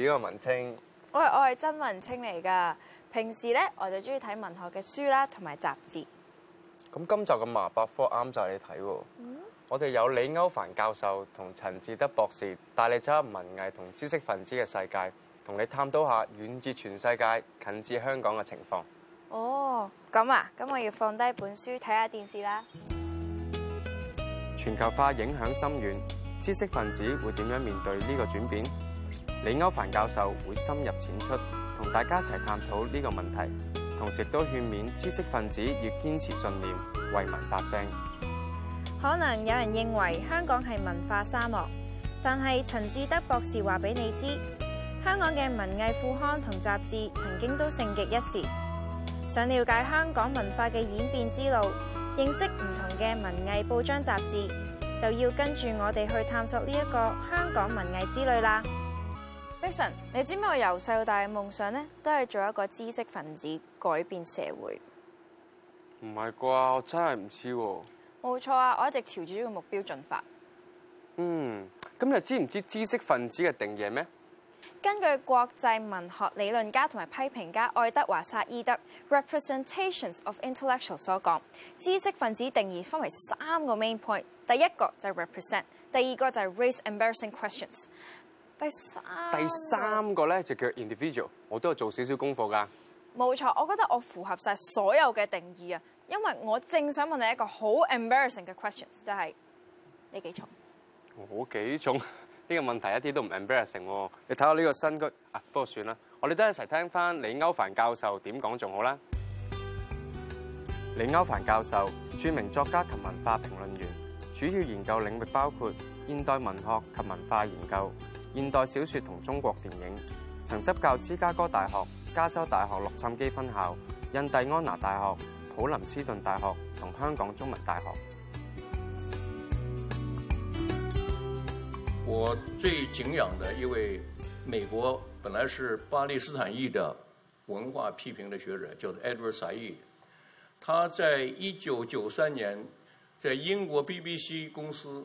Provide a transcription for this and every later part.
呢個文青，我係我係真文青嚟噶。平時咧，我就中意睇文學嘅書啦，同埋雜誌。咁今集嘅麻百科啱就你睇喎。我哋有李歐梵教授同陳智德博士帶你走入文藝同知識分子嘅世界，同你探討一下遠至全世界、近至香港嘅情況。哦，咁啊，咁我要放低本書睇下電視啦。全球化影響深遠，知識分子會點樣面對呢個轉變？李歐凡教授會深入淺出同大家一齊探討呢個問題，同時都勸勉知識分子要堅持信念，為民發聲。可能有人認為香港係文化沙漠，但係陳智德博士話俾你知，香港嘅文藝副刊同雜誌曾經都盛極一時。想了解香港文化嘅演變之路，認識唔同嘅文藝報章雜誌，就要跟住我哋去探索呢一個香港文藝之旅啦。Mason, 你知唔知我由細到大嘅夢想咧，都係做一個知識分子，改變社會。唔係啩？我真係唔知喎、啊。冇錯啊，我一直朝住呢個目標進發。嗯，咁你知唔知道知識分子嘅定義係咩？根據國際文學理論家同埋批評家愛德華薩伊德《Representations of Intellectual》所講，知識分子定義分為三個 main point。第一個就係 represent，第二個就係 raise embarrassing questions。第三個咧就叫 individual，我都係做少少功課㗎。冇錯，我覺得我符合晒所有嘅定義啊。因為我正想問你一個好 embarrassing 嘅 questions，就係、是、你幾重？我幾重呢個問題一啲都唔 embarrassing。你睇下呢個新居啊，不過算啦。我哋都一齊聽翻李歐梵教授點講仲好啦。李歐梵教授，著名作家及文化評論員，主要研究領域包括現代文學及文化研究。現代小說同中國電影，曾執教芝加哥大學、加州大學洛杉磯分校、印第安納大學、普林斯頓大學同香港中文大學。我最敬仰的一位美國，本來是巴勒斯坦裔的文化批評的學者，叫做 Edward Said。他在一九九三年在英國 BBC 公司。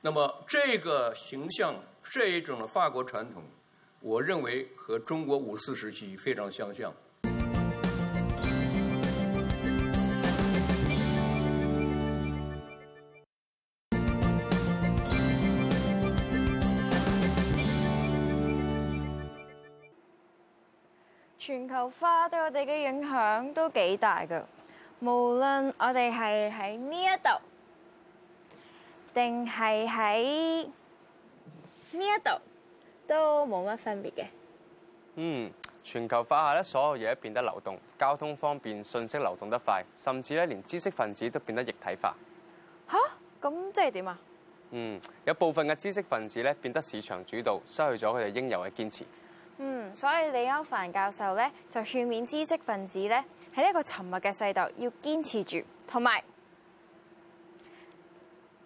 那麼這個形象，這一種的法國傳統，我認為和中國五四時期非常相像。全球化對我哋嘅影響都幾大㗎，無論我哋係喺呢一度。定係喺呢一度都冇乜分別嘅。嗯，全球化下咧，所有嘢都變得流動，交通方便，信息流動得快，甚至咧連知識分子都變得液體化。嚇！咁即係點啊？嗯，有部分嘅知識分子咧變得市場主導，失去咗佢哋應有嘅堅持。嗯，所以李歐梵教授咧就勸勉知識分子咧喺呢個沉默嘅世道要堅持住，同埋，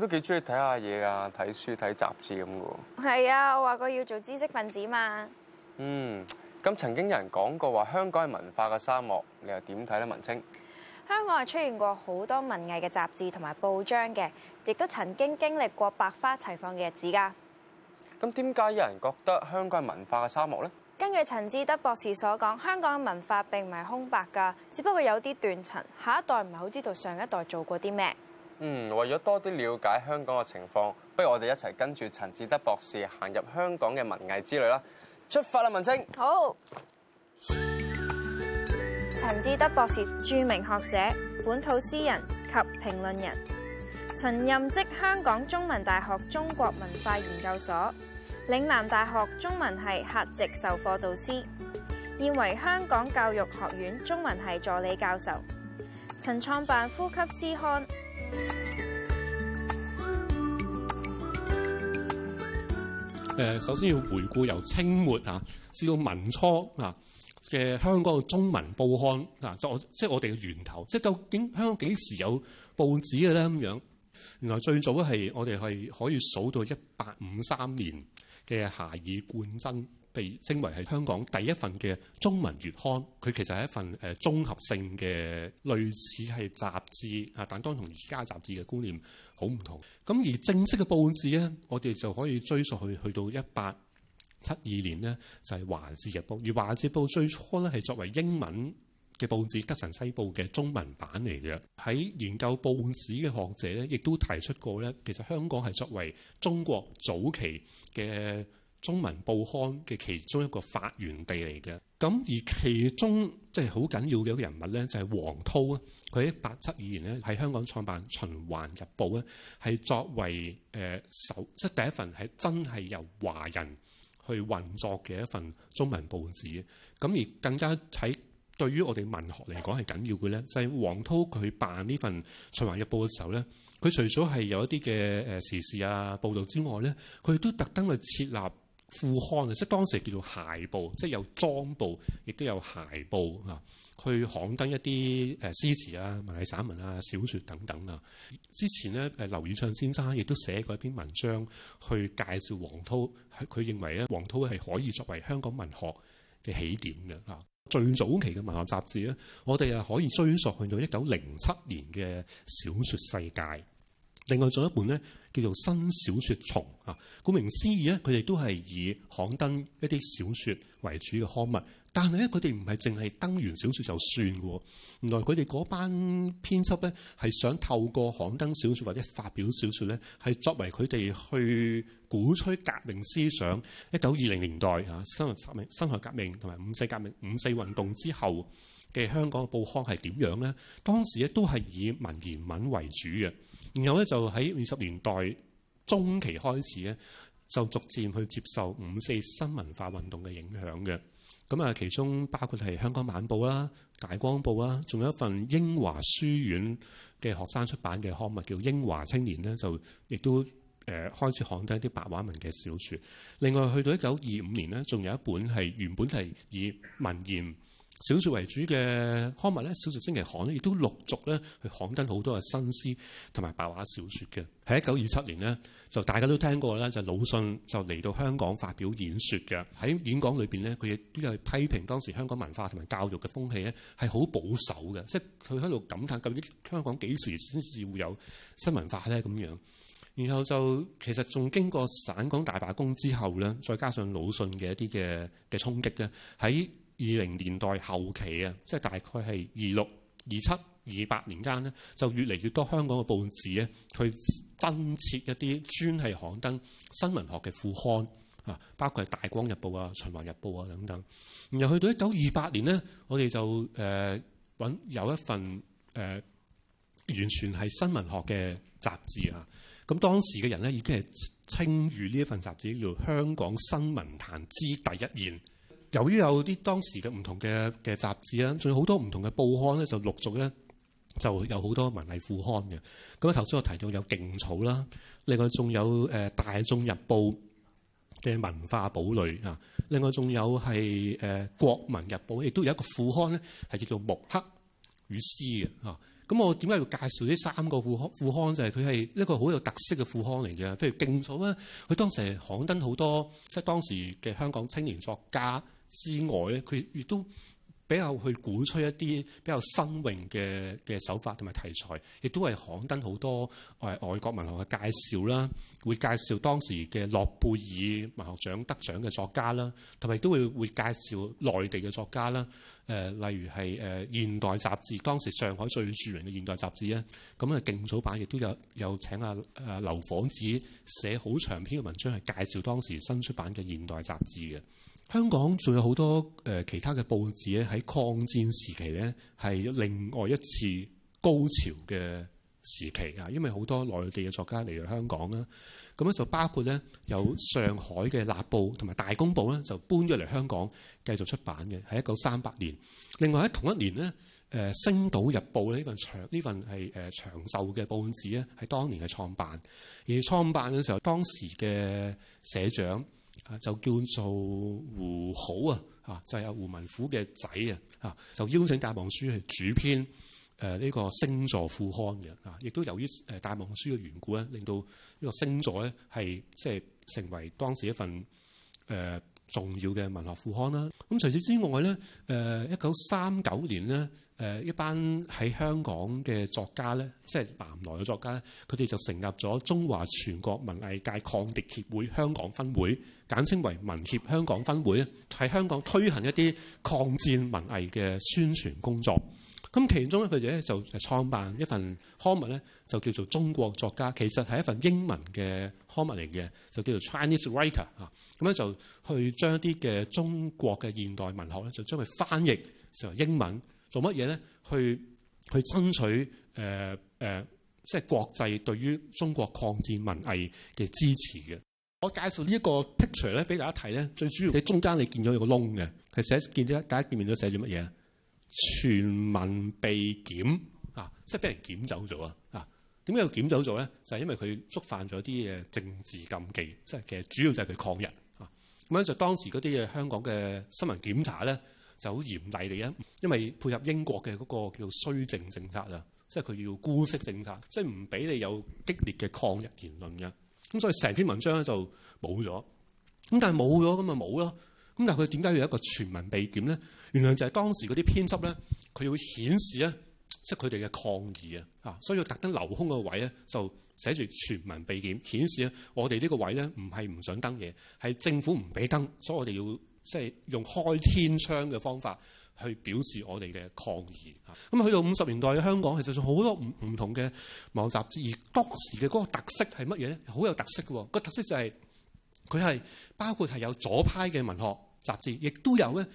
都幾中意睇下嘢啊，睇書睇雜誌咁嘅喎。係啊，我話過要做知識分子嘛。嗯，咁曾經有人講過話香港係文化嘅沙漠，你又點睇咧？文青，香港係出現過好多文藝嘅雜誌同埋報章嘅，亦都曾經經歷過百花齊放嘅日子噶。咁點解有人覺得香港係文化嘅沙漠咧？根據陳智德博士所講，香港嘅文化並唔係空白噶，只不過有啲斷層，下一代唔係好知道上一代做過啲咩。嗯，為咗多啲了解香港嘅情況，不如我哋一齊跟住陳智德博士行入香港嘅文藝之旅啦！出發啦，文青！好，陳智德博士，著名學者、本土詩人及評論人，曾任職香港中文大學中國文化研究所、嶺南大學中文系客席授課導師，現為香港教育學院中文系助理教授，曾創辦《呼吸詩刊》。誒，首先要回顧由清末吓，至到民初啊，嘅香港嘅中文報刊啊，就即、是、係我哋嘅源頭。即係究竟香港幾時有報紙嘅咧？咁樣，原來最早係我哋係可以數到一八五三年嘅遐邇貫珍。被稱為係香港第一份嘅中文月刊，佢其實係一份誒綜合性嘅類似係雜誌啊，但當同而家雜誌嘅觀念好唔同。咁而正式嘅報紙呢，我哋就可以追溯去去到一八七二年呢，就係、是《華字日報》，而《華字報》最初呢，係作為英文嘅報紙《德臣西報》嘅中文版嚟嘅。喺研究報紙嘅學者呢，亦都提出過呢，其實香港係作為中國早期嘅。中文報刊嘅其中一個發源地嚟嘅，咁而其中即係好緊要嘅一個人物咧，就係黃濤啊！佢喺八七二年咧喺香港創辦《循環日報》咧，係作為誒首，即係第一份係真係由華人去運作嘅一份中文報紙。咁而更加睇對於我哋文學嚟講，係緊要嘅咧，就係、是、黃濤佢辦呢份《循環日報》嘅時候咧，佢除咗係有一啲嘅誒時事啊報道之外咧，佢都特登去設立。副刊啊，即係當時叫做諧部，即係有莊部，亦都有諧部啊。去刊登一啲誒詩詞啊、文藝散文啊、小説等等啊。之前咧誒，劉以鬯先生亦都寫過一篇文章去介紹王韜，佢認為咧王韜係可以作為香港文學嘅起點嘅嚇。最早期嘅文學雜誌咧，我哋啊可以追溯去到一九零七年嘅《小説世界》。另外仲有一本呢，叫做《新小説叢》啊。顧名思義咧，佢哋都係以刊登一啲小説為主嘅刊物。但係咧，佢哋唔係淨係登完小説就算嘅。原來佢哋嗰班編輯咧係想透過刊登小説或者發表小説咧，係作為佢哋去鼓吹革命思想。一九二零年代啊，新學革命、新學革命同埋五四革命、五四運動之後嘅香港嘅報刊係點樣咧？當時咧都係以文言文為主嘅。然後咧就喺二十年代中期開始咧，就逐漸去接受五四新文化運動嘅影響嘅。咁啊，其中包括係《香港晚報》啦，《大光報》啦，仲有一份英華書院嘅學生出版嘅刊物叫《英華青年》咧，就亦都誒開始刊登一啲白話文嘅小説。另外去到一九二五年呢，仲有一本係原本係以文言小説為主嘅刊物咧，小説星期刊咧，亦都陸續咧去刊登好多嘅新詩同埋白話小説嘅。喺一九二七年呢，就大家都聽過啦，就魯迅就嚟到香港發表演說嘅。喺演講裏邊咧，佢亦都係批評當時香港文化同埋教育嘅風氣咧，係好保守嘅，即係佢喺度感嘆究竟香港幾時先至會有新文化咧咁樣。然後就其實仲經過省港大罷工之後咧，再加上魯迅嘅一啲嘅嘅衝擊咧，喺二零年代後期啊，即係大概係二六、二七、二八年間咧，就越嚟越多香港嘅報紙咧，佢增設一啲專係刊登新聞學嘅副刊啊，包括係《大光日報》啊，《循環日報》啊等等。然後去到一九二八年呢，我哋就誒揾、呃、有一份誒、呃、完全係新聞學嘅雜誌啊。咁當時嘅人呢，已經係稱譽呢一份雜誌叫做《香港新聞壇之第一言》。由於有啲當時嘅唔同嘅嘅雜誌啦，仲有好多唔同嘅報刊咧，就陸續咧就有好多文藝副刊嘅。咁頭先我提到有勁草啦，另外仲有誒《大眾日報》嘅文化堡壘啊，另外仲有係誒《國民日報》，亦都有一個副刊咧，係叫做《木刻與詩》嘅啊。咁我點解要介紹呢三個副刊？副刊就係佢係一個好有特色嘅副刊嚟嘅，譬如勁草啦，佢當時係刊登好多即係當時嘅香港青年作家。之外咧，佢亦都比較去鼓吹一啲比較新穎嘅嘅手法同埋題材，亦都係刊登好多誒外國文學嘅介紹啦，會介紹當時嘅諾貝爾文學獎得獎嘅作家啦，同埋都會會介紹內地嘅作家啦。誒，例如係誒現代雜誌，當時上海最著名嘅現代雜誌啊，咁嘅勁早版亦都有有請阿阿劉火子寫好長篇嘅文章，係介紹當時新出版嘅現代雜誌嘅。香港仲有好多誒其他嘅報紙咧，喺抗戰時期咧係另外一次高潮嘅時期啊，因為好多內地嘅作家嚟到香港啦，咁咧就包括咧有上海嘅《立報》同埋《大公報》咧，就搬咗嚟香港繼續出版嘅，喺一九三八年。另外喺同一年呢，誒《星島日報》咧呢份長呢份係誒長壽嘅報紙咧，係當年嘅創辦，而創辦嘅時候，當時嘅社長。就叫做胡好啊，啊就係、是、阿胡文虎嘅仔啊，啊就邀請戴望舒係主編，誒呢個星座副刊嘅，啊亦都由於誒戴望舒嘅緣故咧，令到呢個星座咧係即係成為當時一份誒重要嘅文學副刊啦。咁除此之外咧，誒一九三九年咧。誒一班喺香港嘅作家咧，即係南來嘅作家，佢哋就成立咗中華全國文藝界抗敵協會香港分會，簡稱為文協香港分會，喺香港推行一啲抗戰文藝嘅宣傳工作。咁其中咧，佢哋就創辦一份刊物呢，就叫做《中國作家》，其實係一份英文嘅刊物嚟嘅，就叫做《Chinese Writer》嚇。咁咧就去將一啲嘅中國嘅現代文學咧，就將佢翻譯成英文。做乜嘢咧？去去爭取誒誒、呃呃，即係國際對於中國抗戰文藝嘅支持嘅。我介紹呢一個 picture 咧，俾大家睇咧，最主要你中間你見到有個窿嘅，係寫見到大家見面都寫住乜嘢？全民被檢啊，即係俾人檢走咗啊！啊，點解要檢走咗咧？就係、是、因為佢觸犯咗啲嘢政治禁忌，即係其實主要就係佢抗日啊。咁樣就當時嗰啲嘢香港嘅新聞檢查咧，就好嚴厲嚟啊！因為配合英國嘅嗰個叫做綏靖政策啊，即係佢要姑息政策，即係唔俾你有激烈嘅抗日言論嘅。咁所以成篇文章咧就冇咗。咁但係冇咗咁咪冇咯。咁但係佢點解要有一個全文被檢咧？原來就係當時嗰啲編輯咧，佢要顯示咧，即係佢哋嘅抗議啊。啊，所以要特登留空個位咧，就寫住全文被檢，顯示啊，我哋呢個位咧唔係唔想登嘢，係政府唔俾登，所以我哋要。即係用開天窗嘅方法去表示我哋嘅抗議吓。咁去到五十年代嘅香港，其實仲好多唔唔同嘅雜誌，而當時嘅嗰個特色係乜嘢咧？好有特色嘅，個特色就係佢係包括係有左派嘅文學雜誌，亦都有咧。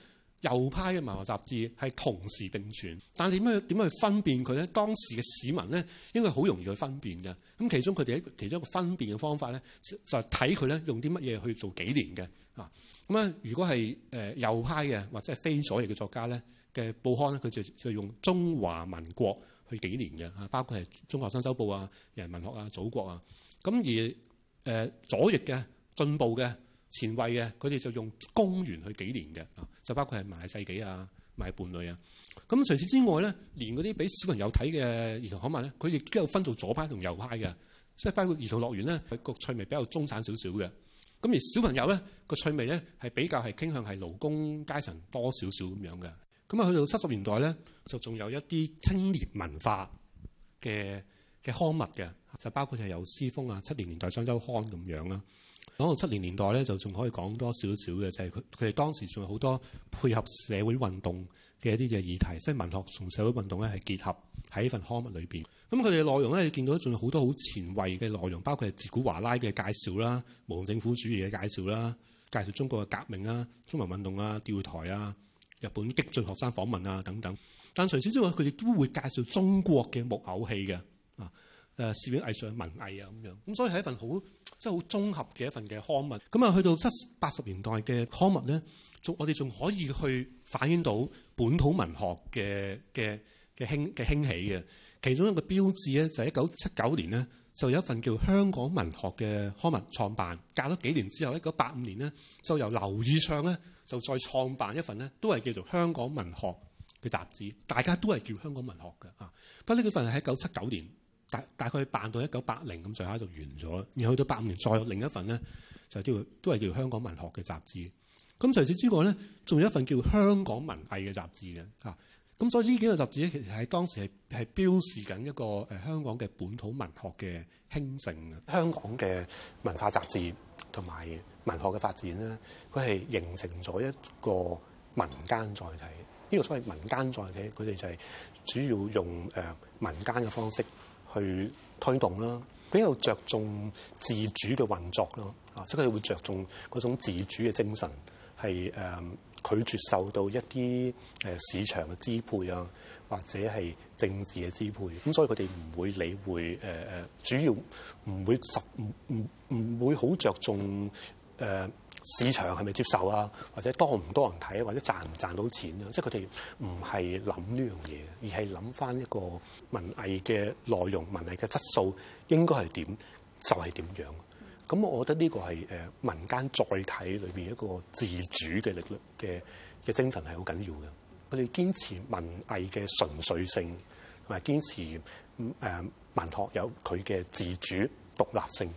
右派嘅文學雜誌係同時並存，但係點樣點樣去分辨佢咧？當時嘅市民咧應該好容易去分辨嘅。咁其中佢哋喺其中一個分辨嘅方法咧，就係睇佢咧用啲乜嘢去做紀年嘅啊。咁啊，如果係誒右派嘅或者係非左翼嘅作家咧嘅報刊咧，佢就就用中華民國去紀年嘅啊，包括係《中學生周報》啊、《人民學》啊、《祖國》啊。咁而誒左翼嘅進步嘅。前衛嘅，佢哋就用公元去紀年嘅，啊就包括係賣世紀啊、賣伴侶啊。咁除此之外咧，連嗰啲俾小朋友睇嘅兒童刊物咧，佢亦都有分做左派同右派嘅，即係包括兒童樂園咧，佢個趣味比較中產少少嘅。咁而小朋友咧個趣味咧係比較係傾向係勞工階層多少少咁樣嘅。咁啊去到七十年代咧，就仲有一啲青年文化嘅嘅刊物嘅，就包括係有詩風啊、七十年代雙周刊咁樣啦。講到七零年代咧，就仲可以講多少少嘅，就係佢佢哋當時仲有好多配合社會運動嘅一啲嘅議題，即係文學同社會運動咧係結合喺呢份刊物裏邊。咁佢哋嘅內容咧，你見到仲有好多好前衛嘅內容，包括係捷古華拉嘅介紹啦、無政府主義嘅介紹啦、介紹中國嘅革命啊、中文運動啊、釣台啊、日本激進學生訪問啊等等。但除此之外，佢哋都會介紹中國嘅木偶戲嘅。誒，攝影藝術、文藝啊，咁樣咁，所以係一份好即係好綜合嘅一份嘅刊物。咁啊，去到七八十年代嘅刊物咧，仲我哋仲可以去反映到本土文學嘅嘅嘅興嘅興起嘅。其中一個標誌咧，就係一九七九年呢，就有一份叫做《香港文學》嘅刊物創辦。隔咗幾年之後，一九八五年呢，就由劉以鬯咧就再創辦一份呢，都係叫做《香港文學》嘅雜誌，大家都係叫《香港文學》嘅啊。不過呢份係一九七九年。大大概辦到一九八零咁，最後就完咗。然後去到八五年，再有另一份咧就叫都係叫香港文學嘅雜誌。咁除此之外咧，仲有一份叫香港文藝嘅雜誌嘅嚇。咁、啊、所以呢幾個雜誌咧，其實喺當時係係標示緊一個誒香港嘅本土文學嘅興盛啊。香港嘅文化雜誌同埋文學嘅發展咧，佢係形成咗一個民間載體。呢、這個所謂民間載體，佢哋就係主要用誒、呃、民間嘅方式。去推動啦，比較着重自主嘅運作咯，啊，即係佢哋會着重嗰種自主嘅精神，係誒拒絕受到一啲誒市場嘅支配啊，或者係政治嘅支配，咁所以佢哋唔會理會誒誒，主要唔會十唔唔唔會好着重誒，呃市場係咪接受啊？或者多唔多人睇啊？或者賺唔賺到錢啊？即係佢哋唔係諗呢樣嘢，而係諗返一個文藝嘅內容、文藝嘅質素應該係點，就係點樣。咁我覺得呢個係誒民間載體裏邊一個自主嘅力量嘅嘅精神係好緊要嘅。佢哋堅持文藝嘅純粹性，同埋堅持誒文學有佢嘅自主獨立性。